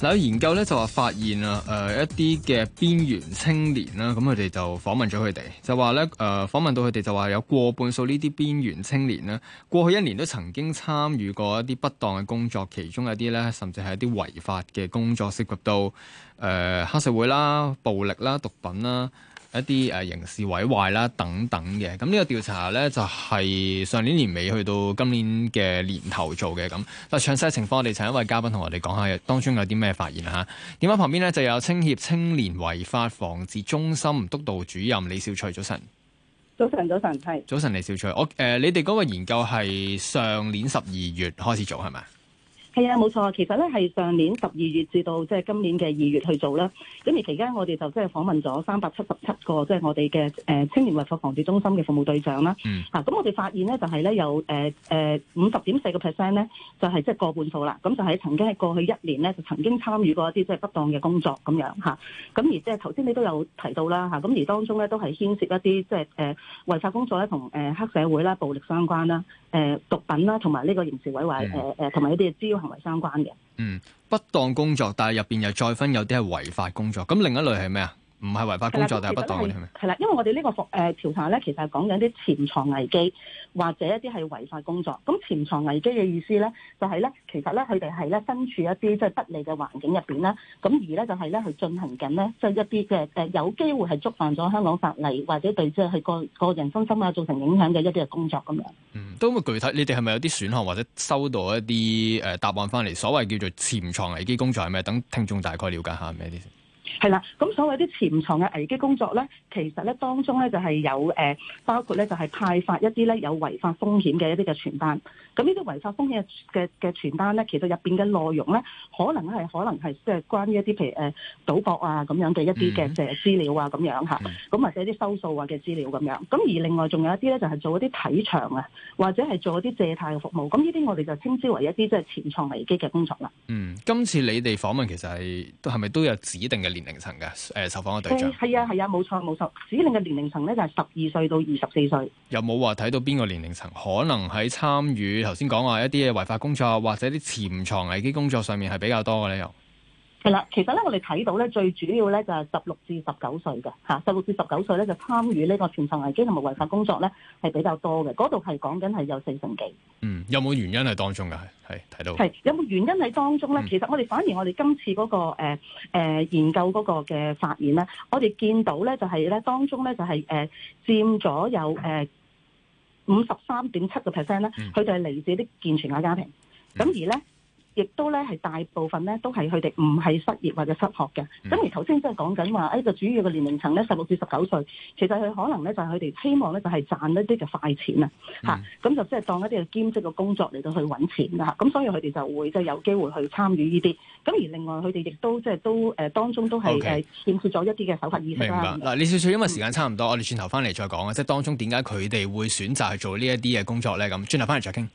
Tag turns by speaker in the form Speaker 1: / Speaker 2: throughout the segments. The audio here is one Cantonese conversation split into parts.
Speaker 1: 嗱，研究咧就話發現啊，誒、呃、一啲嘅邊緣青年啦，咁佢哋就訪問咗佢哋，就話咧，誒、呃、訪問到佢哋就話有過半數呢啲邊緣青年咧，過去一年都曾經參與過一啲不當嘅工作，其中一啲咧甚至係一啲違法嘅工作，涉及到誒、呃、黑社會啦、暴力啦、毒品啦。一啲誒刑事毀壞啦等等嘅，咁呢個調查呢，就係、是、上年年尾去到今年嘅年頭做嘅咁。咁詳細情況，我哋請一位嘉賓同我哋講下當中有啲咩發現嚇。點、啊、解旁邊呢，就有青協青年違法防治中心督導主任李少翠，早晨，
Speaker 2: 早晨。早晨，早晨，係。早
Speaker 1: 晨李少翠，我、okay, 誒、呃、你哋嗰個研究係上年十二月開始做係咪？
Speaker 2: 係啊，冇錯。其實咧係上年十二月至到即係今年嘅二月去做啦。咁而期間我哋就即係訪問咗三百七十七個即係我哋嘅誒青年違法防治中心嘅服務對象啦。嗯。咁、啊、我哋發現咧就係咧有誒誒五十點四個 percent 咧，就係即係過半數啦。咁就係曾經係過去一年咧就曾經參與過一啲即係不當嘅工作咁樣嚇。咁、啊、而即係頭先你都有提到啦嚇。咁、啊、而當中咧都係牽涉一啲即係誒違法工作咧同誒黑社會啦、暴力相關啦、誒、呃、毒品啦同埋呢個刑事毀壞誒誒同埋一啲嘅資行
Speaker 1: 為相關嘅，嗯，不當工作，但係入邊又再分，有啲係違法工作，咁另一類係咩啊？唔係違法工作，但係不當嘅係咪？
Speaker 2: 係啦，因為我哋呢個服誒調查咧，其實係講緊啲潛藏危機或者一啲係違法工作。咁潛藏危機嘅意思咧，就係、係、咧，其實咧佢哋係咧身處一啲即係不利嘅環境入邊啦，咁而咧就係咧去進行緊咧即係一啲嘅誒有機會係觸犯咗香港法例，或者對即係個個人身心啊造成影響嘅一啲嘅工作咁樣。嗯，
Speaker 1: 都咁具體，你哋係咪有啲選項或者收到一啲誒、呃、答案翻嚟？所謂叫做潛藏危機工作係咩？等聽眾大概了解下咩啲
Speaker 2: 係啦，咁所謂啲潛藏嘅危機工作咧，其實咧當中咧就係有誒，包括咧就係派發一啲咧有違法風險嘅一啲嘅傳單。咁呢啲違法風險嘅嘅傳單咧，其實入邊嘅內容咧，可能係可能係即係關於一啲譬如誒賭博啊咁樣嘅一啲嘅誒資料啊咁樣嚇，咁或者一啲收數啊嘅資料咁樣。咁而另外仲有一啲咧就係做一啲睇場啊，或者係做一啲借貸嘅服務。咁呢啲我哋就稱之為一啲即係潛藏危機嘅工作啦。嗯，
Speaker 1: 今次你哋訪問其實係都係咪都有指定嘅？年齡層嘅誒，受訪嘅對象
Speaker 2: 係啊係啊，冇錯冇錯，主要嘅年齡層咧就係十二歲到二十四歲。
Speaker 1: 有冇話睇到邊個年齡層可能喺參與頭先講話一啲嘅違法工作或者啲潛藏危機工作上面係比較多嘅咧又？
Speaker 2: 係啦，其實咧，我哋睇到咧，最主要咧就係十六至十九歲嘅吓，十六至十九歲咧就參與呢個傳承危機同埋違法工作咧係比較多嘅，嗰度係講緊係有四成幾。
Speaker 1: 嗯，有冇原因係當中噶？係係睇到係
Speaker 2: 有冇原因喺當中咧？嗯、其實我哋反而我哋今次嗰、那個誒誒、呃呃、研究嗰個嘅發現咧，我哋見到咧就係咧當中咧就係誒佔咗有誒五十三點七個 percent 咧，佢、呃嗯、就係嚟自啲健全嘅家庭，咁、嗯、而咧。亦都咧，係大部分咧，都係佢哋唔係失業或者失學嘅。咁、嗯、而頭先即係講緊話，誒就主要嘅年齡層咧，十六至十九歲，其實佢可能咧就係佢哋希望咧就係賺一啲嘅快錢，嗯、啊，嚇咁就即係當一啲嘅兼職嘅工作嚟到去揾錢啦。咁、啊、所以佢哋就會即係有機會去參與呢啲。咁而另外佢哋亦都即係都誒當中都係誒欠缺咗一啲嘅守法意識 Okay. 明白嗱，李
Speaker 1: 少翠，說說因為時間差唔多，嗯、我哋轉頭翻嚟再講啊，即係當中點解佢哋會選擇去做呢一啲嘅工作咧？咁轉頭翻嚟再傾。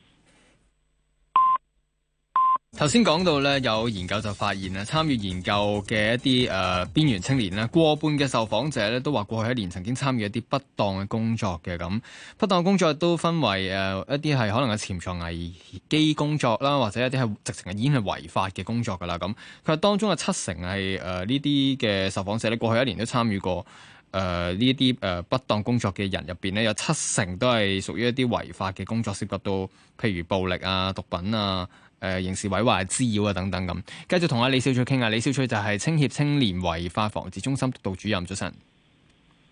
Speaker 1: 頭先講到咧，有研究就發現咧，參與研究嘅一啲誒、呃、邊緣青年咧，過半嘅受訪者咧都話，過去一年曾經參與一啲不當嘅工作嘅咁，不當工作都分為誒、呃、一啲係可能係潛藏危機工作啦，或者一啲係直情係已經係違法嘅工作噶啦咁。佢話當中嘅七成係誒呢啲嘅受訪者呢，過去一年都參與過誒呢啲誒不當工作嘅人入邊呢，有七成都係屬於一啲違法嘅工作，涉及到譬如暴力啊、毒品啊。誒、呃、刑事毀壞、滋擾啊等等咁，繼續同阿李少翠傾下。李少翠就係青協青年違法防治中心督導主任。早晨，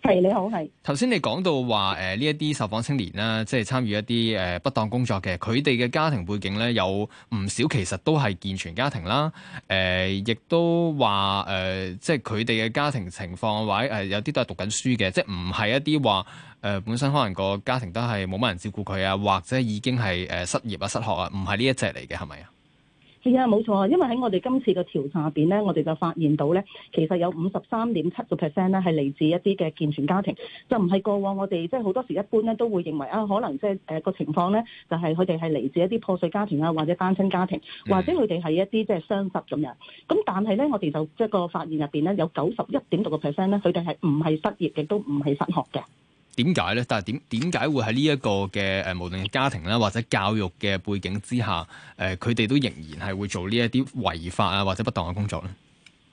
Speaker 2: 係你好。
Speaker 1: 係，頭先你講到話誒呢一啲受訪青年啦，即係參與一啲誒、呃、不當工作嘅，佢哋嘅家庭背景咧有唔少其實都係健全家庭啦。誒、呃，亦都話誒、呃，即係佢哋嘅家庭情況嘅話誒有啲都係讀緊書嘅，即係唔係一啲話。誒、呃、本身可能個家庭都係冇乜人照顧佢啊，或者已經係誒、呃、失業啊、失學啊，唔係呢一隻嚟嘅，係咪啊？
Speaker 2: 係啊，冇錯啊。因為喺我哋今次嘅調查入邊咧，我哋就發現到咧，其實有五十三點七個 percent 咧係嚟自一啲嘅健全家庭，就唔係過往我哋即係好多時一般咧都會認為啊，可能即係誒個情況咧就係佢哋係嚟自一啲破碎家庭啊，或者單親家庭，或者佢哋係一啲即係雙失咁樣。咁但係咧，我哋就即係個發現入邊咧，有九十一點六個 percent 咧，佢哋係唔係失業亦都唔係失學嘅。
Speaker 1: 點解咧？但係點點解會喺呢一個嘅誒，無論係家庭啦或者教育嘅背景之下，誒佢哋都仍然係會做呢一啲違法啊或者不當嘅工作咧？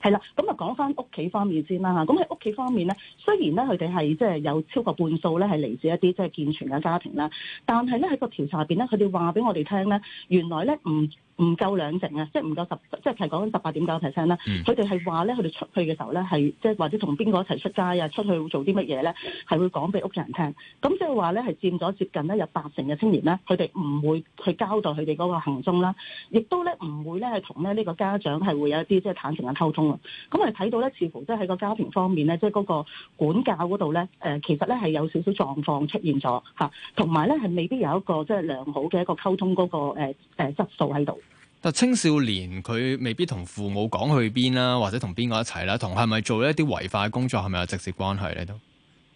Speaker 2: 係啦，咁啊講返屋企方面先啦嚇。咁喺屋企方面咧，雖然咧佢哋係即係有超過半數咧係嚟自一啲即係健全嘅家庭啦，但係咧喺個調查入邊咧，佢哋話俾我哋聽咧，原來咧唔。唔夠兩成啊，即係唔夠十，即係係講緊十八點九 percent 啦。佢哋係話咧，佢哋出去嘅時候咧，係即係或者同邊個一齊出街啊，出去會做啲乜嘢咧，係會講俾屋企人聽。咁即係話咧，係佔咗接近咧有八成嘅青年咧，佢哋唔會去交代佢哋嗰個行蹤啦，亦都咧唔會咧係同咧呢個家長係會有一啲即係坦誠嘅溝通啊。咁我哋睇到咧，似乎即係喺個家庭方面咧，即係嗰個管教嗰度咧，誒其實咧係有少少狀況出現咗嚇，同埋咧係未必有一個即係良好嘅一個溝通嗰個誒誒質素喺度。
Speaker 1: 但青少年佢未必同父母講去邊啦，或者同邊個一齊啦，同係咪做一啲違法嘅工作係咪有直接關係咧都？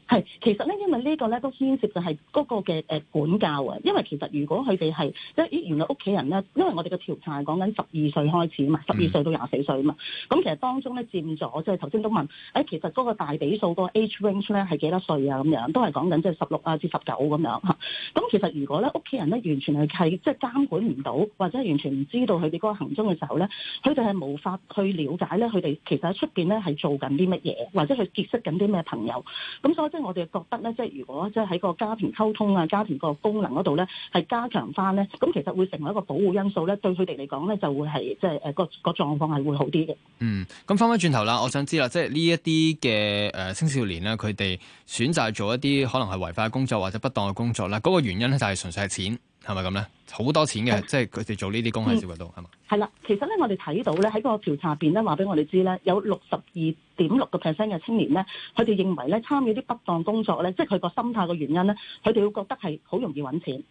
Speaker 2: 係，其實咧，因為呢個咧都牽涉就係嗰個嘅誒管教啊。因為其實如果佢哋係，即係咦原來屋企人咧，因為我哋嘅調查係講緊十二歲開始啊嘛，十二歲到廿四歲啊嘛。咁、嗯、其實當中咧佔咗，即係頭先都問，誒、哎、其實嗰個大比數嗰個 age range 咧係幾多歲啊？咁樣都係講緊即係十六啊至十九咁樣吓。咁其實如果咧屋企人咧完全係係即係監管唔到，或者完全唔知道佢哋嗰個行蹤嘅時候咧，佢哋係無法去了解咧佢哋其實喺出邊咧係做緊啲乜嘢，或者去結識緊啲咩朋友。咁所以。即係我哋覺得咧，即係如果即係喺個家庭溝通啊、家庭個功能嗰度咧，係加強翻咧，咁其實會成為一個保護因素咧，對佢哋嚟講咧，就會係即係誒個個狀況係會好啲嘅。嗯，
Speaker 1: 咁翻返轉頭啦，我想知啦，即係呢一啲嘅誒青少年咧，佢哋選擇做一啲可能係違法嘅工作或者不當嘅工作啦，嗰、嗰個原因咧就係純粹係錢。係咪咁咧？好多錢嘅，嗯、即係佢哋做呢啲工喺小會度，係嘛、嗯？
Speaker 2: 係啦吧，其實咧，我哋睇到咧，喺個調查入邊咧，話俾我哋知咧，有六十二點六個 percent 嘅青年咧，佢哋認為咧，參與啲不當工作咧，即係佢個心態嘅原因咧，佢哋會覺得係好容易揾錢。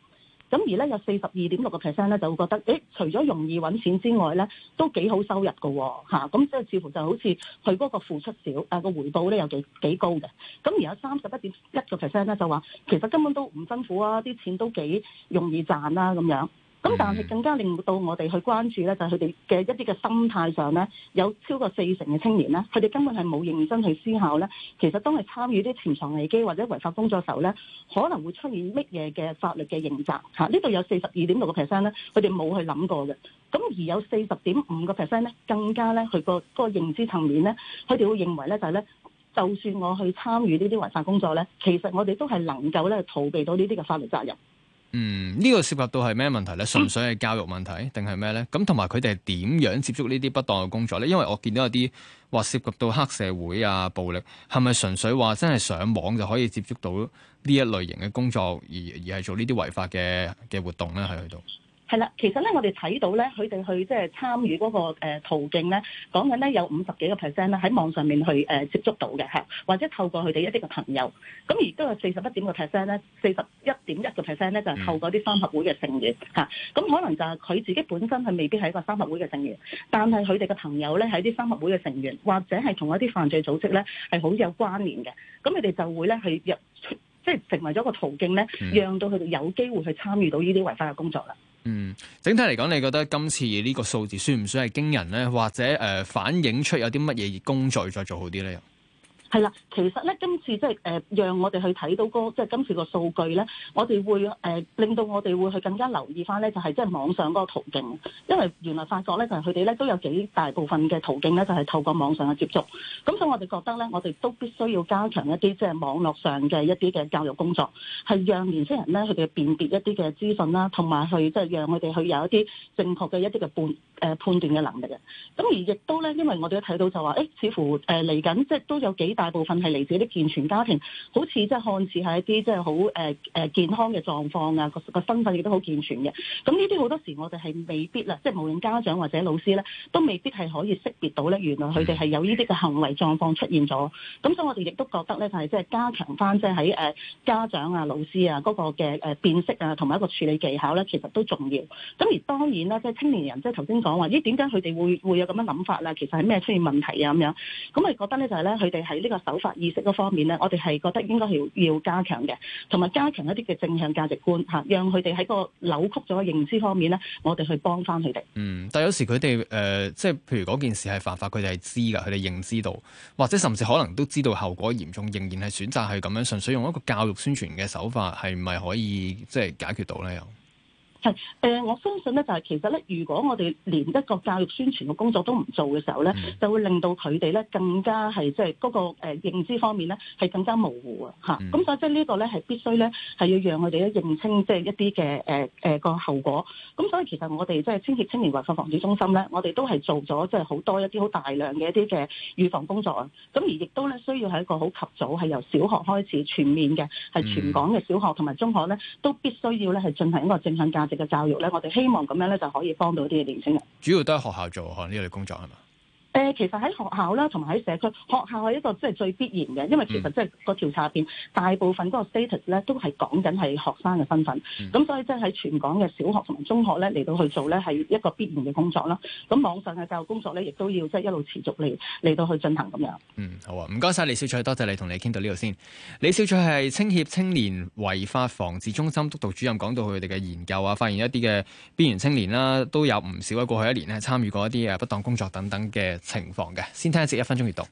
Speaker 2: 咁而咧有四十二點六個 percent 咧就會覺得,誒除咗容易揾錢之外咧，都幾好收入㗎，哦，嚇咁即係似乎就好似佢嗰個付出少，誒、啊、個回報咧有幾幾高嘅。咁而有三十一點一個 percent 咧就話，其實根本都唔辛苦啊，啲錢都幾容易賺啦咁樣。咁、嗯、但係更加令到我哋去關注咧，就係佢哋嘅一啲嘅心態上咧，有超過四成嘅青年咧，佢哋根本係冇認真去思考咧。其實當係參與啲潛藏危機或者違法工作嘅時候咧，可能會出現乜嘢嘅法律嘅刑責嚇、啊？呢度有四十二點六個 percent 咧，佢哋冇去諗過嘅。咁而有四十點五個 percent 咧，更加咧佢、那個嗰、嗰個認知層面咧，佢哋會認為咧就係、是、咧，就算我去參與呢啲違法工作咧，其實我哋都係能夠咧逃避到呢啲嘅法律責任。
Speaker 1: 嗯，呢個涉及到係咩問題呢？純粹係教育問題，定係咩呢？咁同埋佢哋係點樣接觸呢啲不當嘅工作呢？因為我見到有啲話涉及到黑社會啊、暴力，係咪純粹話真係上網就可以接觸到呢一類型嘅工作，而而係做呢啲違法嘅嘅活動呢？喺
Speaker 2: 佢度。係啦，其實咧，我哋睇到咧，佢哋去即係參與嗰個途徑咧，講緊咧有五十幾個 percent 咧喺網上面去誒接觸到嘅嚇，或者透過佢哋一啲嘅朋友，咁而都有四十一點個 percent 咧，四十一點一個 percent 咧就係透過啲三合會嘅成員嚇，咁可能就係佢自己本身係未必係一個三合會嘅成員，但係佢哋嘅朋友咧喺啲三合會嘅成員，或者係同一啲犯罪組織咧係好有關聯嘅，咁佢哋就會咧去入即係成為咗一個途徑咧，讓到佢哋有機會去參與到呢啲違法嘅工作啦。
Speaker 1: 嗯，整體嚟講，你覺得今次呢個數字算唔算係驚人咧？或者誒、呃、反映出有啲乜嘢而工作再做好啲咧？
Speaker 2: 係啦，其實咧，今次即係誒，讓我哋去睇到嗰即係今次個數據咧，我哋會誒、呃、令到我哋會去更加留意返咧，就係即係網上嗰個途徑，因為原來發覺咧，就係佢哋咧都有幾大部分嘅途徑咧，就係、是、透過網上嘅接觸。咁所以我哋覺得咧，我哋都必須要加強一啲即係網絡上嘅一啲嘅教育工作，係讓年輕人咧佢哋辨別一啲嘅資訊啦，同埋去即係讓佢哋去有一啲正確嘅一啲嘅判誒判斷嘅能力嘅。咁而亦都咧，因為我哋都睇到就話，誒、欸、似乎誒嚟緊，即係都有幾大部分係嚟自啲健全家庭，好似即係看似係一啲即係好誒誒健康嘅狀況啊，個個身份亦都好健全嘅。咁呢啲好多時我哋係未必啦，即係無論家長或者老師咧，都未必係可以識別到咧，原來佢哋係有呢啲嘅行為狀況出現咗。咁所以我哋亦都覺得咧，就係即係加強翻即係喺誒家長啊、老師啊嗰、那個嘅誒辨識啊，同埋一個處理技巧咧，其實都重要。咁而當然啦，即係青年人，即係頭先講話，咦點解佢哋會會有？咁樣諗法啦，其實係咩出現問題啊？咁樣，咁我覺得咧就係咧，佢哋喺呢個守法意識嗰方面咧，我哋係覺得應該係要加強嘅，同埋加強一啲嘅正向價值觀嚇，讓佢哋喺個扭曲咗嘅認知方面咧，我哋去幫翻佢哋。嗯，
Speaker 1: 但有時佢哋誒，即、呃、係譬如嗰件事係犯法，佢哋係知㗎，佢哋認知到，或者甚至可能都知道後果嚴重，仍然係選擇係咁樣，純粹用一個教育宣傳嘅手法係咪可以即係解決到咧？又？
Speaker 2: 係，誒、呃，我相信咧，就係、是、其實咧，如果我哋連一個教育宣傳嘅工作都唔做嘅時候咧，mm hmm. 就會令到佢哋咧更加係即係嗰個誒認知方面咧係更加模糊、mm hmm. 啊！嚇，咁所以即係呢個咧係必須咧係要讓佢哋咧認清即係一啲嘅誒誒個後果。咁所以其實我哋即係青協青年違法防治中心咧，我哋都係做咗即係好多一啲好大量嘅一啲嘅預防工作啊！咁而亦都咧需要係一個好及早，係由小學開始全面嘅，係全港嘅小學同埋中學咧都必須要咧係進行一個，一個正向教。嘅教育咧，我哋希望咁樣咧就可以幫到啲年青人。
Speaker 1: 主要都係學校做，可能呢類工作係嘛？
Speaker 2: 誒，其實喺學校啦，同埋喺社區，學校係一個即係最必然嘅，因為其實即係個調查入面大部分嗰個 status 咧都係講緊係學生嘅身份，咁、嗯、所以即係喺全港嘅小學同埋中學咧嚟到去做咧係一個必然嘅工作啦。咁網上嘅教育工作咧，亦都要即係一路持續嚟嚟到去進行咁樣。嗯，
Speaker 1: 好啊，唔該晒，李少翠，多謝你同你傾到呢度先。李少翠係青協青年違法防治中心督導主任，講到佢哋嘅研究啊，發現一啲嘅邊緣青年啦、啊，都有唔少喺過去一年咧參與過一啲誒不當工作等等嘅。情況嘅，先聽一節一分鐘閱讀。